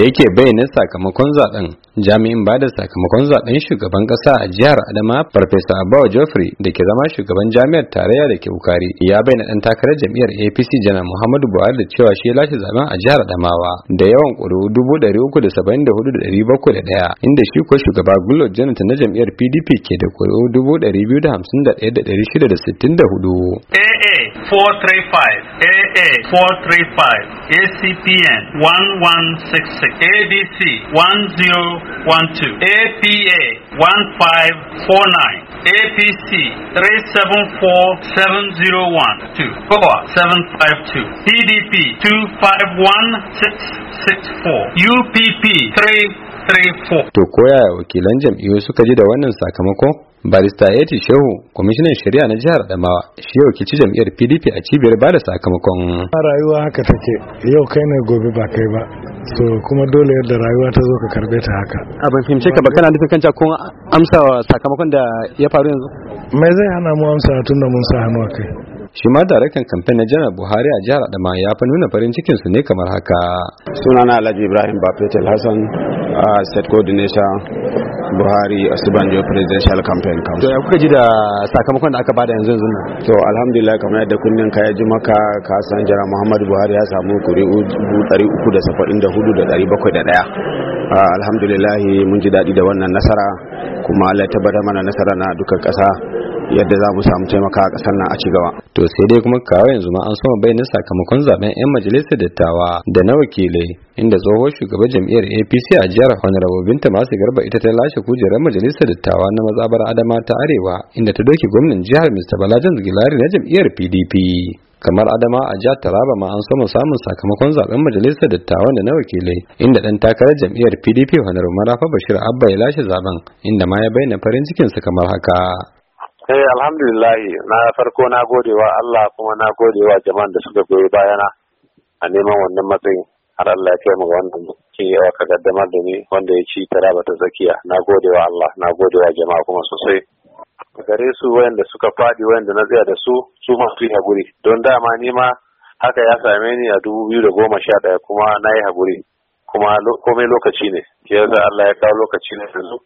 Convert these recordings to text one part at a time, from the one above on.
da yake bayyana sakamakon zaben jami'in ba da sakamakon zaben shugaban kasa a jihar adama farfesa abawa joffrey da ke zama shugaban jami'ar tarayya da ke ukari ya bayyana dan takarar jami'ar apc janar muhammadu buhari da cewa shi ya lashe zaben a jihar adamawa da yawan ƙuri'u dubu ɗari uku da saba'in da hudu da ɗari bakwai da ɗaya inda shi ko shugaba gullo jonathan na jam'iyyar pdp ke da ƙuri'u dubu ɗari biyu da hamsin da ɗaya da ɗari shida da sittin da hudu. aa 435 aa 435 acpn 1166 abc 10 APA 1549. APC 3747012. COA 752. PDP 251664. UPP 334. To koya wakilan jam'iyyu suka ji da wannan sakamakon, barista eti shehu kwamishinan shari'a na jihar adamawa shi yau kici jam'iyyar pdp a cibiyar ba da sakamakon rayuwa haka take yau kai ne gobe ba kai ba so kuma dole yadda rayuwa ta zo ka karbe ta haka a ban fahimce ka ba kana nufin kanta kun amsa sakamakon da ya faru yanzu mai zai hana mu amsa tunda mun sa hannu kai shi ma daraktan kamfen na janar buhari a jihar adama ya fa nuna farin cikinsu ne kamar haka sunana alhaji ibrahim bafetel hassan a state coordinator buhari asubanjo presidential campaign council to ya kuka ji da sakamakon da aka bada yanzu yanzu nan to alhamdulillah kamar yadda kunnen ka ya ji maka ka san jira muhammadu buhari ya samu kuri'u ɗaya. alhamdulillah mun ji daɗi da wannan nasara kuma allah ya tabbatar mana nasara na dukkan ƙasa yadda za mu samu taimaka a ƙasar nan a ci gaba. To sai dai kuma kawo yanzu ma an soma bayanin sakamakon zaben 'yan majalisar dattawa da na wakilai inda tsohon shugaban jam'iyyar APC a jihar Honorable Binta Masu Garba ita ta lashe kujerar majalisar dattawa na mazabar Adama ta Arewa inda ta doke gwamnan jihar Mr. Balajan gilari na jam'iyyar PDP. kamar adama a jihar taraba ma an samu samun sakamakon zaben majalisar dattawa da na wakilai inda dan takarar jam'iyyar pdp honorable marafa bashir abba ya lashe zaben inda ma ya bayyana farin cikinsa kamar haka Eh alhamdulillahi na farko na gode wa Allah kuma na gode wa jama'an da suka goyi bayana a neman wannan matsayin har Allah ya kai mu wannan ke yawa ka gaddamar da ni wanda ya ci taraba ta zakiya na gode wa Allah na gode wa jama'a kuma sosai gare su wayanda suka fadi wayanda na tsaya da su su masu yi haguri don dama ni ma haka ya same ni a dubu biyu da goma sha ɗaya kuma na yi haguri kuma komai lokaci ne ke yasa Allah ya kawo lokaci ne su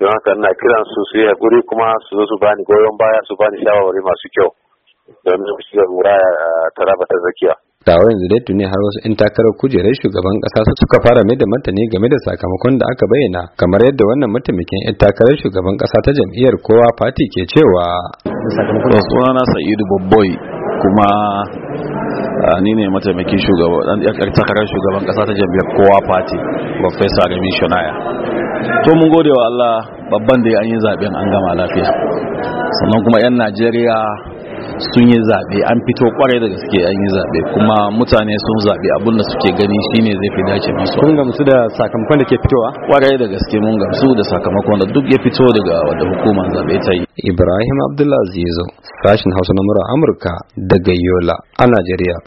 don haka ina kiran su su yi guri kuma su zo su bani goyon baya su bani shawarwari masu kyau domin su da mura taraba ta zakiya. Dawo yanzu dai tuni har wasu 'yan takarar kujerar shugaban kasa su suka fara mai da martani game da sakamakon da aka bayyana kamar yadda wannan mataimakin 'yan takarar shugaban kasa ta jam'iyyar kowa fati ke cewa. Sunana Sa'idu Babboy kuma Ah, ni ne mataimakin shugaban takarar shugaban kasa ta jam'iyyar kowa party professor Remi Shonaya to mun gode wa Allah babban da ya yi zaben an gama lafiya sannan kuma yan Najeriya sun yi zabe an fito kwarai da gaske an yi zabe kuma mutane sun zaɓe abin suke gani shine zai fi dace musu kun gamsu da sakamakon da ke fitowa kwarai da gaske mun gamsu da sakamakon da duk ya fito daga wadda hukumar zaɓe ta yi ibrahim yazo sashin hausa na mura amurka daga yola a najeriya